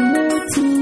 母亲。